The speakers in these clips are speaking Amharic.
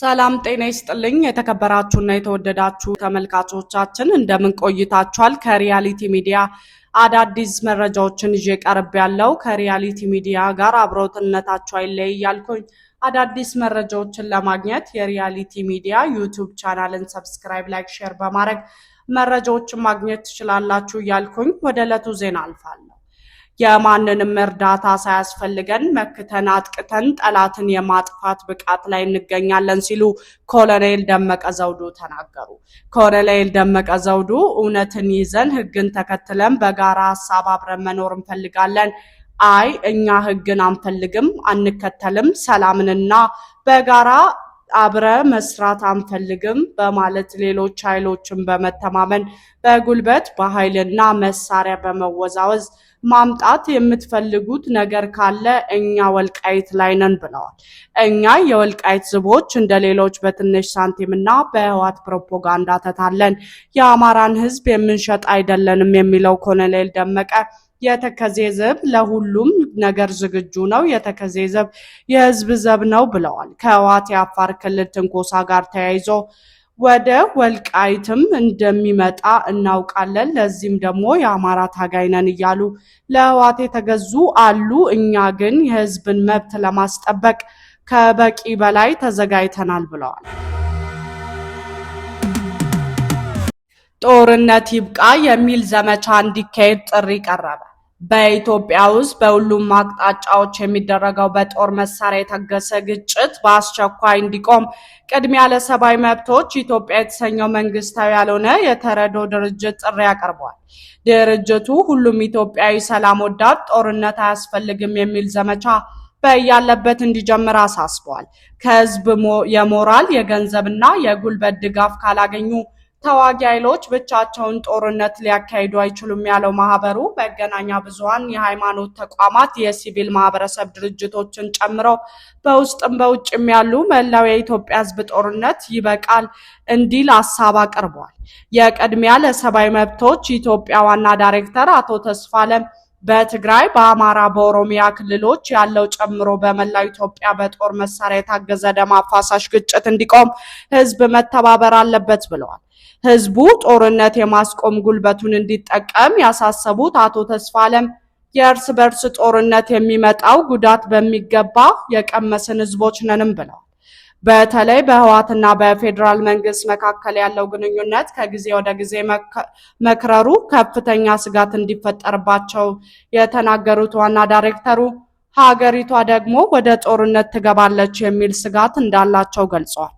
ሰላም ጤና ይስጥልኝ። የተከበራችሁና የተወደዳችሁ ተመልካቾቻችን እንደምን ቆይታችኋል? ከሪያሊቲ ሚዲያ አዳዲስ መረጃዎችን ይዤ ቀርብ ያለው ከሪያሊቲ ሚዲያ ጋር አብሮትነታችሁ አይለይ እያልኩኝ አዳዲስ መረጃዎችን ለማግኘት የሪያሊቲ ሚዲያ ዩቱብ ቻናልን ሰብስክራይብ፣ ላይክ፣ ሼር በማድረግ መረጃዎችን ማግኘት ትችላላችሁ እያልኩኝ ወደ ዕለቱ ዜና አልፋል። የማንንም እርዳታ ሳያስፈልገን መክተን አጥቅተን ጠላትን የማጥፋት ብቃት ላይ እንገኛለን ሲሉ ኮሎኔል ደመቀ ዘውዱ ተናገሩ። ኮሎኔል ደመቀ ዘውዱ እውነትን ይዘን ህግን ተከትለን በጋራ ሀሳብ አብረን መኖር እንፈልጋለን። አይ እኛ ህግን አንፈልግም፣ አንከተልም። ሰላምንና በጋራ አብረ መስራት አንፈልግም በማለት ሌሎች ኃይሎችን በመተማመን በጉልበት በኃይልና መሳሪያ በመወዛወዝ ማምጣት የምትፈልጉት ነገር ካለ እኛ ወልቃይት ላይ ነን ብለዋል። እኛ የወልቃይት ዝቦች እንደ ሌሎች በትንሽ ሳንቲምና በህዋት ፕሮፓጋንዳ ተታለን የአማራን ህዝብ የምንሸጥ አይደለንም የሚለው ኮሎኔል ደመቀ የተከዜ ዘብ ለሁሉም ነገር ዝግጁ ነው። የተከዜ ዘብ የህዝብ ዘብ ነው ብለዋል። ከህወሓት የአፋር ክልል ትንኮሳ ጋር ተያይዞ ወደ ወልቃይትም እንደሚመጣ እናውቃለን። ለዚህም ደግሞ የአማራ ታጋይ ነን እያሉ ለህወሓት የተገዙ አሉ። እኛ ግን የህዝብን መብት ለማስጠበቅ ከበቂ በላይ ተዘጋጅተናል ብለዋል። ጦርነት ይብቃ የሚል ዘመቻ እንዲካሄድ ጥሪ ቀረበ። በኢትዮጵያ ውስጥ በሁሉም አቅጣጫዎች የሚደረገው በጦር መሳሪያ የታገሰ ግጭት በአስቸኳይ እንዲቆም ቅድሚያ ለሰብአዊ መብቶች ኢትዮጵያ የተሰኘው መንግስታዊ ያልሆነ የተረዶ ድርጅት ጥሪ አቅርቧል። ድርጅቱ ሁሉም ኢትዮጵያዊ ሰላም ወዳድ ጦርነት አያስፈልግም የሚል ዘመቻ በያለበት እንዲጀምር አሳስቧል። ከህዝብ የሞራል የገንዘብና የጉልበት ድጋፍ ካላገኙ ተዋጊ ኃይሎች ብቻቸውን ጦርነት ሊያካሂዱ አይችሉም ያለው ማህበሩ መገናኛ ብዙሃን የሃይማኖት ተቋማት፣ የሲቪል ማህበረሰብ ድርጅቶችን ጨምሮ በውስጥም በውጭም ያሉ መላው የኢትዮጵያ ሕዝብ ጦርነት ይበቃል እንዲል ሀሳብ አቅርቧል። የቅድሚያ ለሰብአዊ መብቶች ኢትዮጵያ ዋና ዳይሬክተር አቶ ተስፋለም በትግራይ በአማራ፣ በኦሮሚያ ክልሎች ያለው ጨምሮ በመላው ኢትዮጵያ በጦር መሳሪያ የታገዘ ደም አፋሳሽ ግጭት እንዲቆም ህዝብ መተባበር አለበት ብለዋል። ህዝቡ ጦርነት የማስቆም ጉልበቱን እንዲጠቀም ያሳሰቡት አቶ ተስፋ አለም የእርስ በርስ ጦርነት የሚመጣው ጉዳት በሚገባ የቀመስን ህዝቦች ነንም ብለዋል። በተለይ በህወሓትና በፌዴራል መንግስት መካከል ያለው ግንኙነት ከጊዜ ወደ ጊዜ መክረሩ ከፍተኛ ስጋት እንዲፈጠርባቸው የተናገሩት ዋና ዳይሬክተሩ ሀገሪቷ ደግሞ ወደ ጦርነት ትገባለች የሚል ስጋት እንዳላቸው ገልጿል።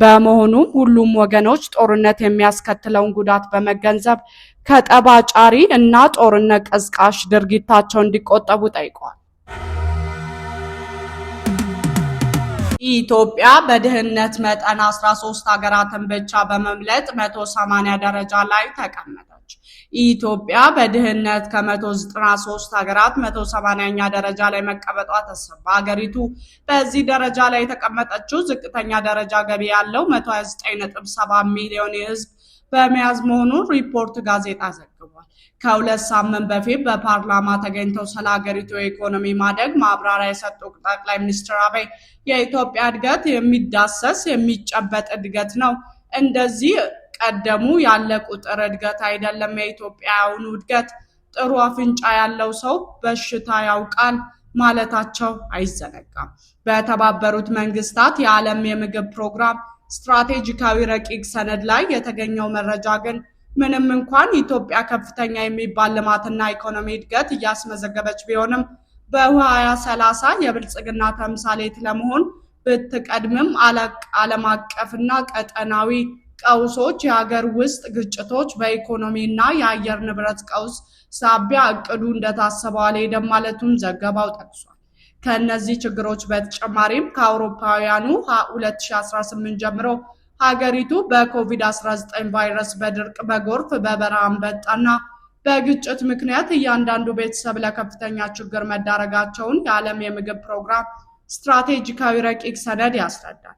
በመሆኑም ሁሉም ወገኖች ጦርነት የሚያስከትለውን ጉዳት በመገንዘብ ከጠባጫሪ እና ጦርነት ቀስቃሽ ድርጊታቸው እንዲቆጠቡ ጠይቀዋል። ኢትዮጵያ በድህነት መጠን 13 ሀገራትን ብቻ በመምለጥ 180 ደረጃ ላይ ተቀመጠች። ኢትዮጵያ በድህነት ከ193 ሀገራት 180ኛ ደረጃ ላይ መቀመጧ ተሰማ። ሀገሪቱ በዚህ ደረጃ ላይ የተቀመጠችው ዝቅተኛ ደረጃ ገቢ ያለው 129.7 ሚሊዮን የህዝብ በመያዝ መሆኑን ሪፖርት ጋዜጣ ዘግቧል። ከሁለት ሳምንት በፊት በፓርላማ ተገኝተው ስለ ሀገሪቱ የኢኮኖሚ ማደግ ማብራሪያ የሰጡ ጠቅላይ ሚኒስትር አብይ የኢትዮጵያ እድገት የሚዳሰስ የሚጨበጥ እድገት ነው እንደዚህ ቀደሙ ያለ ቁጥር እድገት አይደለም። የኢትዮጵያውን እድገት ጥሩ አፍንጫ ያለው ሰው በሽታ ያውቃል ማለታቸው አይዘነጋም። በተባበሩት መንግስታት የዓለም የምግብ ፕሮግራም ስትራቴጂካዊ ረቂቅ ሰነድ ላይ የተገኘው መረጃ ግን ምንም እንኳን ኢትዮጵያ ከፍተኛ የሚባል ልማትና ኢኮኖሚ እድገት እያስመዘገበች ቢሆንም በ2030 የብልጽግና ተምሳሌት ለመሆን ብትቀድምም ዓለም አቀፍና ቀጠናዊ ቀውሶች፣ የሀገር ውስጥ ግጭቶች፣ በኢኮኖሚ እና የአየር ንብረት ቀውስ ሳቢያ እቅዱ እንደታሰበው አልሄደም ማለቱን ዘገባው ጠቅሷል። ከእነዚህ ችግሮች በተጨማሪም ከአውሮፓውያኑ 2018 ጀምሮ ሀገሪቱ በኮቪድ-19 ቫይረስ፣ በድርቅ፣ በጎርፍ፣ በበረሃ አንበጣና በግጭት ምክንያት እያንዳንዱ ቤተሰብ ለከፍተኛ ችግር መዳረጋቸውን የዓለም የምግብ ፕሮግራም ስትራቴጂካዊ ረቂቅ ሰነድ ያስረዳል።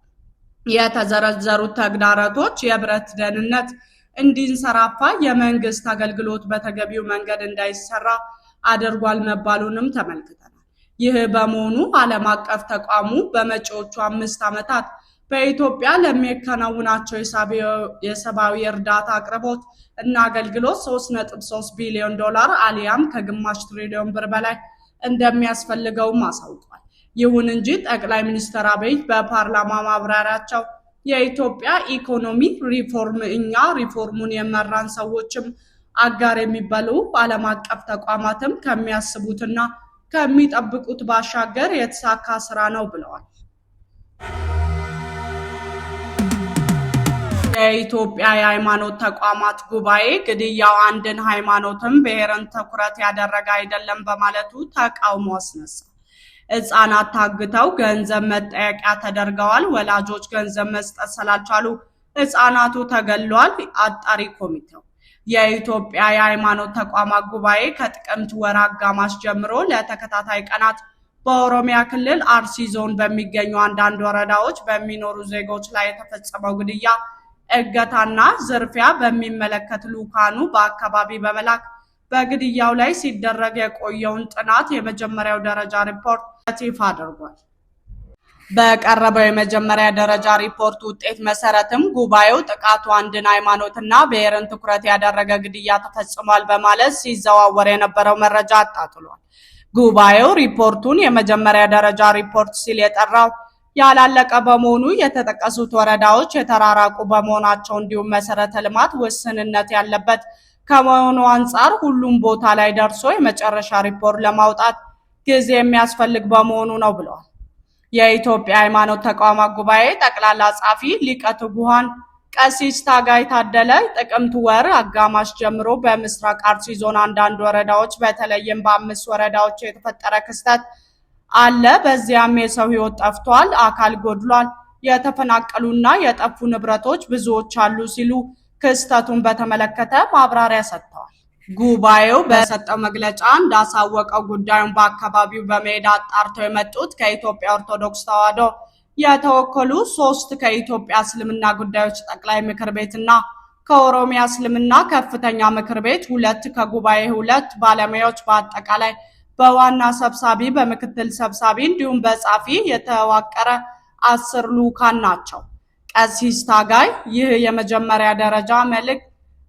የተዘረዘሩት ተግዳሮቶች የብረት ደህንነት እንዲንሰራፋ፣ የመንግስት አገልግሎት በተገቢው መንገድ እንዳይሰራ አድርጓል መባሉንም ተመልክተናል። ይህ በመሆኑ ዓለም አቀፍ ተቋሙ በመጪዎቹ አምስት ዓመታት በኢትዮጵያ ለሚያከናውናቸው የሰብአዊ እርዳታ አቅርቦት እና አገልግሎት 3.3 ቢሊዮን ዶላር አሊያም ከግማሽ ትሪሊዮን ብር በላይ እንደሚያስፈልገውም አሳውቋል። ይሁን እንጂ ጠቅላይ ሚኒስትር አብይ በፓርላማ ማብራሪያቸው የኢትዮጵያ ኢኮኖሚ ሪፎርም እኛ ሪፎርሙን የመራን ሰዎችም አጋር የሚበሉ ዓለም አቀፍ ተቋማትም ከሚያስቡትና ከሚጠብቁት ባሻገር የተሳካ ስራ ነው ብለዋል። የኢትዮጵያ የሃይማኖት ተቋማት ጉባኤ ግድያው አንድን ሃይማኖትም ብሔርን ትኩረት ያደረገ አይደለም በማለቱ ተቃውሞ አስነሳ። ሕፃናት ታግተው ገንዘብ መጠየቂያ ተደርገዋል። ወላጆች ገንዘብ መስጠት ስላልቻሉ ሕፃናቱ ተገሏል። አጣሪ ኮሚቴው የኢትዮጵያ የሃይማኖት ተቋማት ጉባኤ ከጥቅምት ወር አጋማሽ ጀምሮ ለተከታታይ ቀናት በኦሮሚያ ክልል አርሲ ዞን በሚገኙ አንዳንድ ወረዳዎች በሚኖሩ ዜጎች ላይ የተፈጸመው ግድያ፣ እገታና ዝርፊያ በሚመለከት ልኡካኑ በአካባቢ በመላክ በግድያው ላይ ሲደረግ የቆየውን ጥናት የመጀመሪያው ደረጃ ሪፖርት ይፋ አድርጓል። በቀረበው የመጀመሪያ ደረጃ ሪፖርት ውጤት መሰረትም ጉባኤው ጥቃቱ አንድን ሃይማኖትና ብሔርን ትኩረት ያደረገ ግድያ ተፈጽሟል በማለት ሲዘዋወር የነበረው መረጃ አጣጥሏል። ጉባኤው ሪፖርቱን የመጀመሪያ ደረጃ ሪፖርት ሲል የጠራው ያላለቀ በመሆኑ የተጠቀሱት ወረዳዎች የተራራቁ በመሆናቸው እንዲሁም መሰረተ ልማት ውስንነት ያለበት ከመሆኑ አንጻር ሁሉም ቦታ ላይ ደርሶ የመጨረሻ ሪፖርት ለማውጣት ጊዜ የሚያስፈልግ በመሆኑ ነው ብለዋል። የኢትዮጵያ ሃይማኖት ተቋማት ጉባኤ ጠቅላላ ጻፊ ሊቀ ትጉሃን ቀሲስ ታጋይ ታደለ ጥቅምት ወር አጋማሽ ጀምሮ በምስራቅ አርሲ ዞን አንዳንድ ወረዳዎች በተለይም በአምስት ወረዳዎች የተፈጠረ ክስተት አለ። በዚያም የሰው ህይወት ጠፍቷል፣ አካል ጎድሏል፣ የተፈናቀሉና የጠፉ ንብረቶች ብዙዎች አሉ ሲሉ ክስተቱን በተመለከተ ማብራሪያ ሰጥተዋል። ጉባኤው በሰጠው መግለጫ እንዳሳወቀው ጉዳዩን በአካባቢው በመሄድ አጣርተው የመጡት ከኢትዮጵያ ኦርቶዶክስ ተዋሕዶ የተወከሉ ሶስት ከኢትዮጵያ እስልምና ጉዳዮች ጠቅላይ ምክር ቤትና ከኦሮሚያ እስልምና ከፍተኛ ምክር ቤት ሁለት ከጉባኤ ሁለት ባለሙያዎች በአጠቃላይ በዋና ሰብሳቢ በምክትል ሰብሳቢ እንዲሁም በጻፊ የተዋቀረ አስር ሉካን ናቸው። ቀሲስ ታጋይ ይህ የመጀመሪያ ደረጃ መልእክት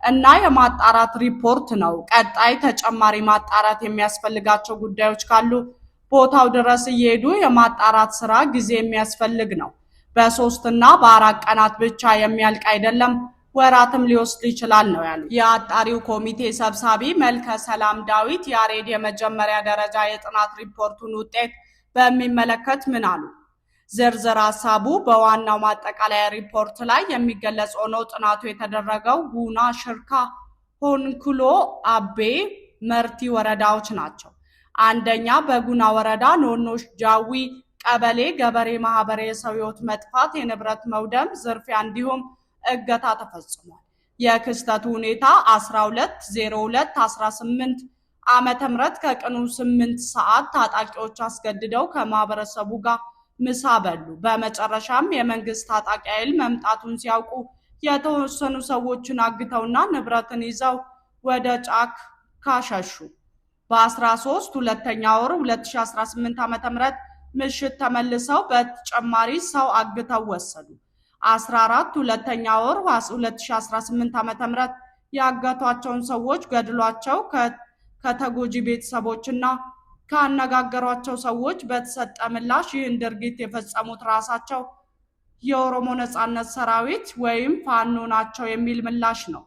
እና የማጣራት ሪፖርት ነው። ቀጣይ ተጨማሪ ማጣራት የሚያስፈልጋቸው ጉዳዮች ካሉ ቦታው ድረስ እየሄዱ የማጣራት ስራ ጊዜ የሚያስፈልግ ነው። እና በአራት ቀናት ብቻ የሚያልቅ አይደለም፣ ወራትም ሊወስድ ይችላል ነው ያሉ የአጣሪው ኮሚቴ ሰብሳቢ መልከ ሰላም ዳዊት። ያሬድ የመጀመሪያ ደረጃ የጥናት ሪፖርቱን ውጤት በሚመለከት ምን አሉ? ዝርዝር ሀሳቡ በዋናው ማጠቃለያ ሪፖርት ላይ የሚገለጽ ሆኖ ጥናቱ የተደረገው ጉና፣ ሽርካ፣ ሆንኩሎ፣ አቤ መርቲ ወረዳዎች ናቸው። አንደኛ በጉና ወረዳ ኖኖሽ ጃዊ ቀበሌ ገበሬ ማህበር የሰው ህይወት መጥፋት፣ የንብረት መውደም፣ ዝርፊያ እንዲሁም እገታ ተፈጽሟል። የክስተቱ ሁኔታ 120218 ዓ ም ከቀኑ 8 ሰዓት ታጣቂዎች አስገድደው ከማህበረሰቡ ጋር ምሳ በሉ። በመጨረሻም የመንግስት ታጣቂ ኃይል መምጣቱን ሲያውቁ የተወሰኑ ሰዎችን አግተውና ንብረትን ይዘው ወደ ጫክ ካሸሹ በ በ13 ሁለተኛ ወር 2018 ዓ.ም ምሽት ተመልሰው በተጨማሪ ሰው አግተው ወሰዱ። 14 ሁለተኛ ወር 2018 ዓ.ም ያገቷቸውን ሰዎች ገድሏቸው ከተጎጂ ቤተሰቦችና ካነጋገሯቸው ሰዎች በተሰጠ ምላሽ ይህን ድርጊት የፈጸሙት ራሳቸው የኦሮሞ ነጻነት ሰራዊት ወይም ፋኖ ናቸው የሚል ምላሽ ነው።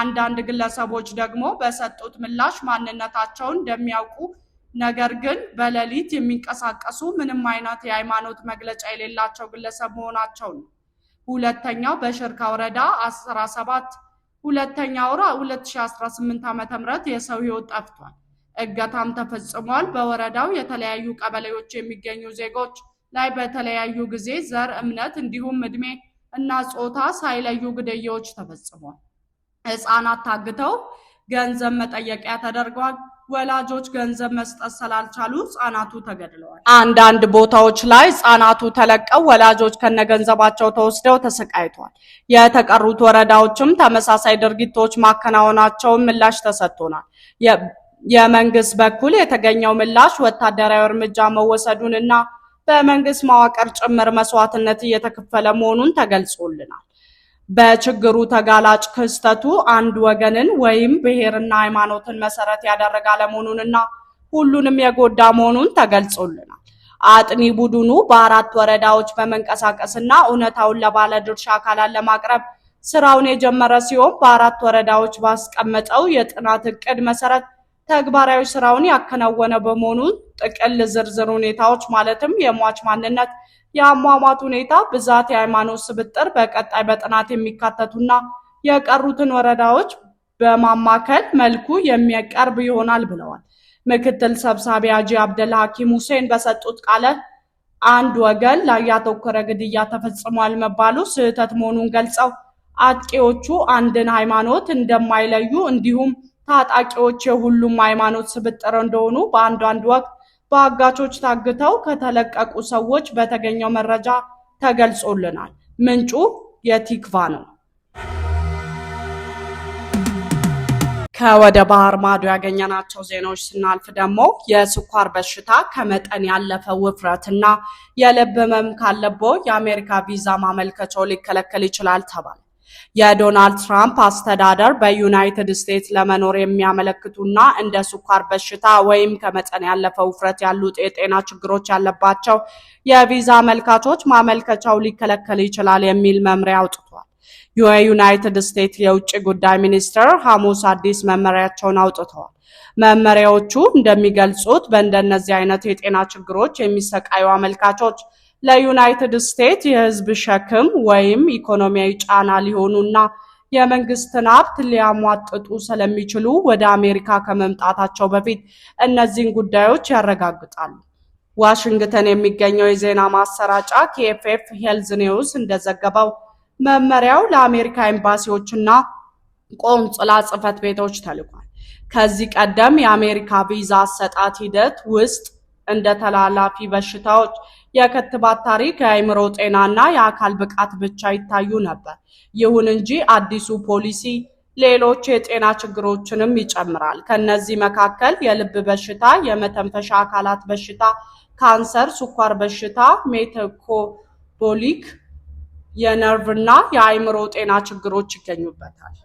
አንዳንድ ግለሰቦች ደግሞ በሰጡት ምላሽ ማንነታቸውን እንደሚያውቁ ነገር ግን በሌሊት የሚንቀሳቀሱ ምንም አይነት የሃይማኖት መግለጫ የሌላቸው ግለሰብ መሆናቸው ነው። ሁለተኛው በሽርካ ወረዳ 17 ሁለተኛ ወራ 2018 ዓ.ም የሰው ህይወት ጠፍቷል። እገታም ተፈጽሟል። በወረዳው የተለያዩ ቀበሌዎች የሚገኙ ዜጎች ላይ በተለያዩ ጊዜ ዘር፣ እምነት እንዲሁም እድሜ እና ጾታ ሳይለዩ ግድያዎች ተፈጽሟል። ህፃናት ታግተው ገንዘብ መጠየቂያ ተደርገዋል። ወላጆች ገንዘብ መስጠት ስላልቻሉ ህጻናቱ ተገድለዋል። አንዳንድ ቦታዎች ላይ ህጻናቱ ተለቀው ወላጆች ከነገንዘባቸው ተወስደው ተሰቃይተዋል። የተቀሩት ወረዳዎችም ተመሳሳይ ድርጊቶች ማከናወናቸውን ምላሽ ተሰጥቶናል። የመንግስት በኩል የተገኘው ምላሽ ወታደራዊ እርምጃ መወሰዱንና በመንግስት መዋቅር ጭምር መስዋዕትነት እየተከፈለ መሆኑን ተገልጾልናል። በችግሩ ተጋላጭ ክስተቱ አንድ ወገንን ወይም ብሔርና ሃይማኖትን መሰረት ያደረገ አለመሆኑንና ሁሉንም የጎዳ መሆኑን ተገልጾልናል። አጥኒ ቡድኑ በአራት ወረዳዎች በመንቀሳቀስና እውነታውን ለባለድርሻ አካላት ለማቅረብ ስራውን የጀመረ ሲሆን በአራት ወረዳዎች ባስቀመጠው የጥናት እቅድ መሰረት ተግባራዊ ስራውን ያከናወነ በመሆኑ ጥቅል ዝርዝር ሁኔታዎች ማለትም የሟች ማንነት፣ የአሟሟት ሁኔታ፣ ብዛት፣ የሃይማኖት ስብጥር በቀጣይ በጥናት የሚካተቱና የቀሩትን ወረዳዎች በማማከል መልኩ የሚቀርብ ይሆናል ብለዋል። ምክትል ሰብሳቢ አጂ አብደል ሐኪም ሁሴን በሰጡት ቃለ አንድ ወገን ላይ ያተኮረ ግድያ ተፈጽሟል መባሉ ስህተት መሆኑን ገልጸው አጥቂዎቹ አንድን ሃይማኖት እንደማይለዩ እንዲሁም ታጣቂዎች የሁሉም ሃይማኖት ስብጥር እንደሆኑ በአንዳንድ ወቅት በአጋቾች ታግተው ከተለቀቁ ሰዎች በተገኘው መረጃ ተገልጾልናል። ምንጩ የቲክቫ ነው። ከወደ ባህር ማዶ ያገኘናቸው ዜናዎች ስናልፍ ደግሞ የስኳር በሽታ ከመጠን ያለፈ ውፍረትና የልብ ህመም ካለቦ የአሜሪካ ቪዛ ማመልከቻው ሊከለከል ይችላል ተባለ። የዶናልድ ትራምፕ አስተዳደር በዩናይትድ ስቴትስ ለመኖር የሚያመለክቱና እንደ ስኳር በሽታ ወይም ከመጠን ያለፈ ውፍረት ያሉ የጤና ችግሮች ያለባቸው የቪዛ አመልካቾች ማመልከቻው ሊከለከል ይችላል የሚል መምሪያ አውጥቷል። የዩናይትድ ስቴትስ የውጭ ጉዳይ ሚኒስትር ሐሙስ አዲስ መመሪያቸውን አውጥተዋል። መመሪያዎቹ እንደሚገልጹት በእንደነዚህ አይነት የጤና ችግሮች የሚሰቃዩ አመልካቾች ለዩናይትድ ስቴትስ የህዝብ ሸክም ወይም ኢኮኖሚያዊ ጫና ሊሆኑና የመንግስትን ሀብት ሊያሟጥጡ ስለሚችሉ ወደ አሜሪካ ከመምጣታቸው በፊት እነዚህን ጉዳዮች ያረጋግጣሉ። ዋሽንግተን የሚገኘው የዜና ማሰራጫ ኬኤፍኤፍ ሄልዝ ኒውስ እንደዘገበው መመሪያው ለአሜሪካ ኤምባሲዎችና ቆንጽላ ጽህፈት ቤቶች ተልኳል። ከዚህ ቀደም የአሜሪካ ቪዛ አሰጣት ሂደት ውስጥ እንደ ተላላፊ በሽታዎች የክትባት ታሪክ የአእምሮ ጤናና የአካል ብቃት ብቻ ይታዩ ነበር። ይሁን እንጂ አዲሱ ፖሊሲ ሌሎች የጤና ችግሮችንም ይጨምራል። ከነዚህ መካከል የልብ በሽታ፣ የመተንፈሻ አካላት በሽታ፣ ካንሰር፣ ስኳር በሽታ፣ ሜታኮቦሊክ የነርቭና የአእምሮ ጤና ችግሮች ይገኙበታል።